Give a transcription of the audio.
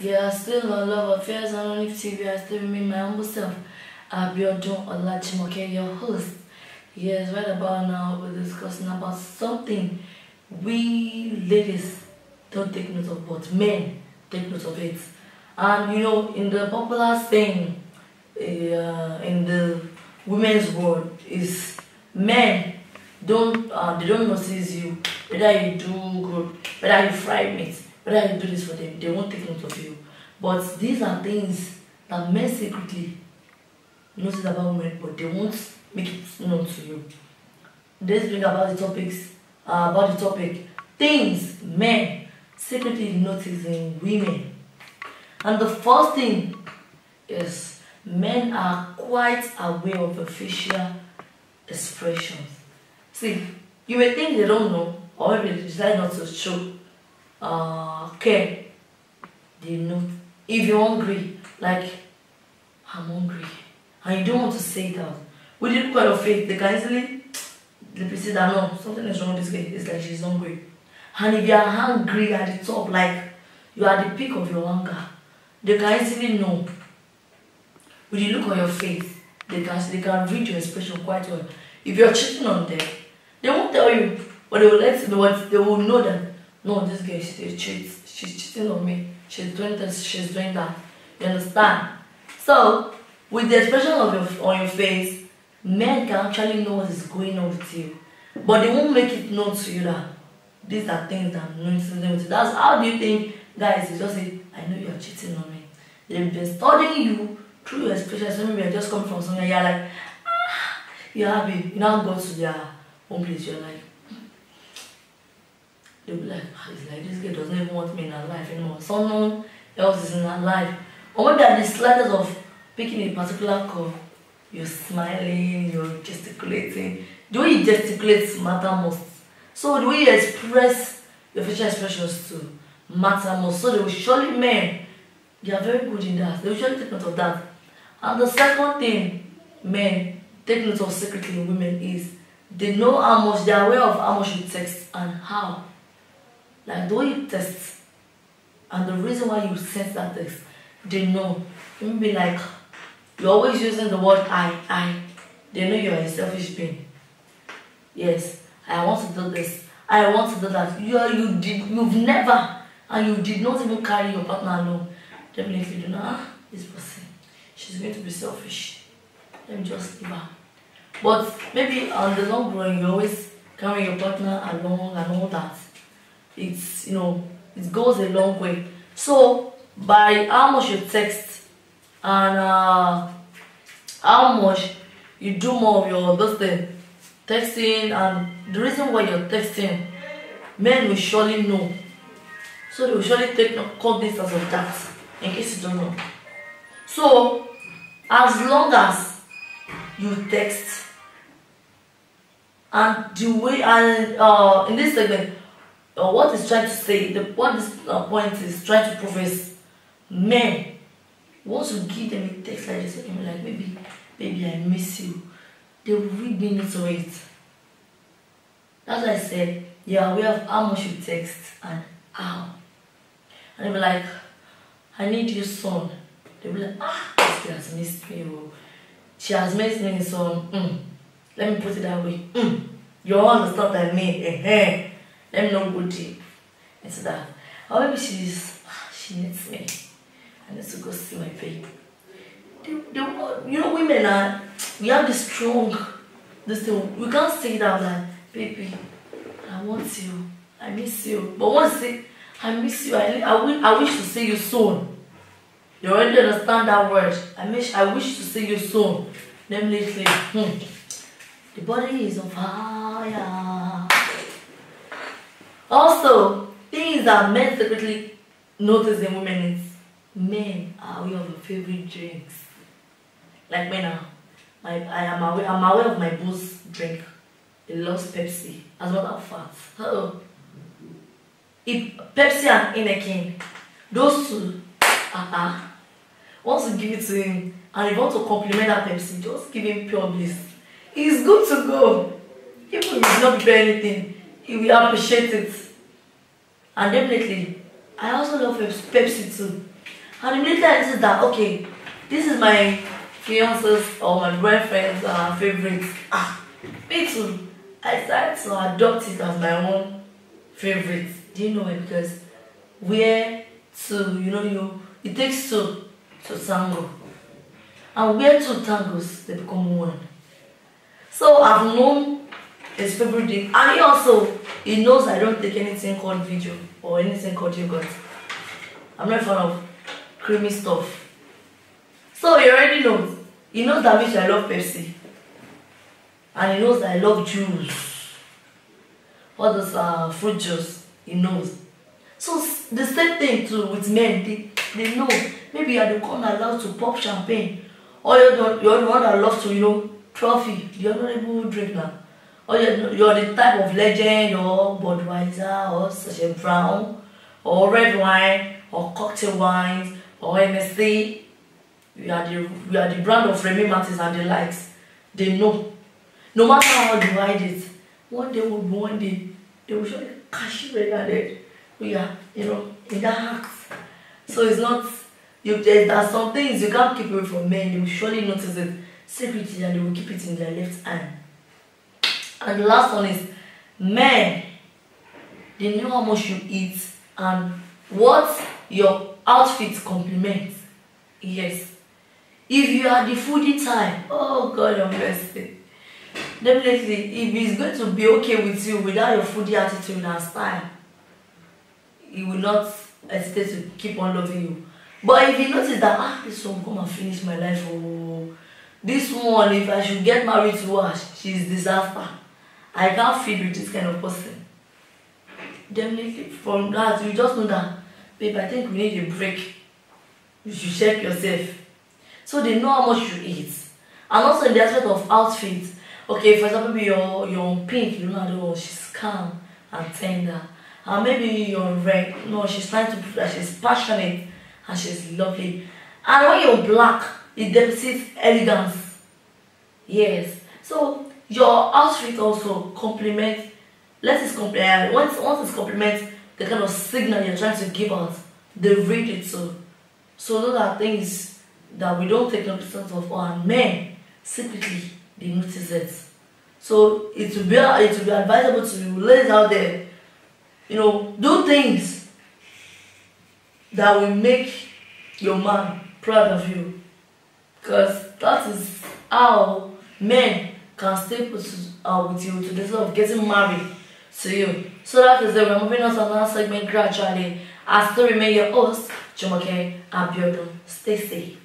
Yeah, I still on love affairs on TV. I still remain my humble self. I doing Abiodun Olachimoke, your host. Yes, right about now we're discussing about something we ladies don't take note of, but men take note of it. And you know, in the popular saying uh, in the women's world is men don't uh, they don't notice you whether you do good, whether you fry meat whether you do this for them, they won't take note of you. But these are things that men secretly notice about women, but they won't make it known to you. Let's bring about the topics, uh, about the topic, things men secretly notice in women. And the first thing is men are quite aware of facial expressions. See, you may think they don't know, or maybe they decide not to show uh, came, they know. If you're hungry, like, I'm hungry, and you don't want to say that. We with the look of faith, they can easily they perceive that no, something is wrong with this girl. It's like she's hungry. And if you are hungry at the top, like you are at the peak of your hunger, they can easily know. With the look on your face, they can they can read your expression quite well. If you're cheating on them, they won't tell you, but they will let you know what they will know that no, this girl, She's cheating on me. She's doing this, she's doing that. You understand? So, with the expression of your, on your face, men can actually know what is going on with you. But they won't make it known to you that these are things that are am with you. That's how do you think, guys, you just say, I know you're cheating on me. They've been studying you through your expression. So maybe you're just coming from somewhere, you're like, ah, you're happy. You now go to their home place, you're like, They'll be like, ah, it's like this girl doesn't even want me in her life anymore. Someone else is in her life. Or maybe at the slightest of picking a particular curve, you're smiling, you're gesticulating. The way you gesticulate matter most. So the way you express your facial expressions too matter most. So they will surely men, they are very good in that. They will surely take note of that. And the second thing men take note of secretly in women is they know how much they are aware of how much you text and how Like the way you test and the reason why you sense that text, they know. you will be like, you're always using the word I, I. They know you're a selfish being. Yes, I want to do this. I want to do that. You are, you did, you've never, and you did not even carry your partner alone. Definitely do not. Ah, this person, she's going to be selfish. Let me just leave her. But maybe on the long run, you always carry your partner along and all that. it's you know it goes a long way so by how much you text and uh, how much you do more of your those things texting and the reason why you're texting men will surely know so they will surely take cognizance of that in case you don't know so as long as you text and the way and uh, in this segment or what is trying to say, the, what this uh, point is trying to profess, men, once you give them a text like this, they can be like, maybe, baby, I miss you. They will read into it. That's why I said, yeah, we have how much you text and how. And they'll be like, I need your son. They'll be like, ah, she has missed me. Or, oh. she has missed me, so. Mm. Let me put it that way. Mm. You understand what I mean? -eh. Let ah, me not go deep into that. Or maybe she's she needs me. I need to go see my baby. The the you know, women are we have this strong this thing. We can't say that like, baby, I want you, I miss you. But once I miss you, I, I, I wish to see you soon. You already understand that word. I wish I wish to see you soon. Let me hmm, the body is on fire. Also, things that men secretly notice in women is men are aware of your favorite drinks. Like men are. My, I am aware, I'm aware of my boss drink. He loves Pepsi, as well as fat. Oh. If Pepsi and Inekin, those two, uh-uh. Once you give it to him, and you want to compliment that Pepsi, just give him pure bliss. He's good to go. Even if he not prepare anything, he will appreciate it. And definitely, I also love Pepsi too. And immediately I noticed that, okay, this is my fiance's or my boyfriend's uh, favorite. Ah, me too. I started to adopt it as my own favorite. Do you know it? Because where two, you know, you it takes two to tango. And where two tangos, they become one. So I've known his favorite thing. And he also He knows I don't take anything called video or anything called yogurt. I'm not fond of creamy stuff. So he already knows. He knows that which I love Pepsi. And he knows that I love juice. All those uh, fruit juice, he knows. So the same thing too with men. They, they know maybe you're the one that loves to pop champagne. Or you're the, you're the one that loves to, you know, trophy. You're not able to drink now. or oh, you're, you're the type of legend or Budweiser or such a brown or red wine or cocktail wines or MSC. You are the you are the brand of Remy Martins and the likes. They know. No matter how you hide it, one day will be one day they will surely cash you in that We are, you know, in that act. So it's not you there, there are some things you can't keep away from men, they will surely notice it secretly and they will keep it in their left hand. And the last one is men. They know how much you eat and what your outfit complements. Yes. If you are the foodie type, oh God I'm blessed. Definitely, if he's going to be okay with you without your foodie attitude and style, he will not hesitate to keep on loving you. But if he notice that, ah, this one come and finish my life, oh, this one, if I should get married to her, she's disaster. I can't feed with this kind of person. Definitely from that, you just know that, babe, I think we need a break. You should check yourself. So they know how much you eat. And also in the aspect of outfit. Okay, for example, maybe you're, you're pink, you know, oh, she's calm and tender. And maybe you're red, no, she's trying to prove that she's passionate and she's lovely. And when you're black, it deposits elegance. Yes. So Your outfit also complements, let us complement, uh, once, once it complements the kind of signal you're trying to give out, they read it so. So those are things that we don't take notice of or men secretly they notice it. So it will be it will be advisable to you ladies out there, you know, do things that will make your man proud of you. Because that is how men can stay put, uh, with you to the sort of getting married to you. So that is it. We're moving on to another segment gradually. I still remain your host, Jumoke Abiodun. Stay safe.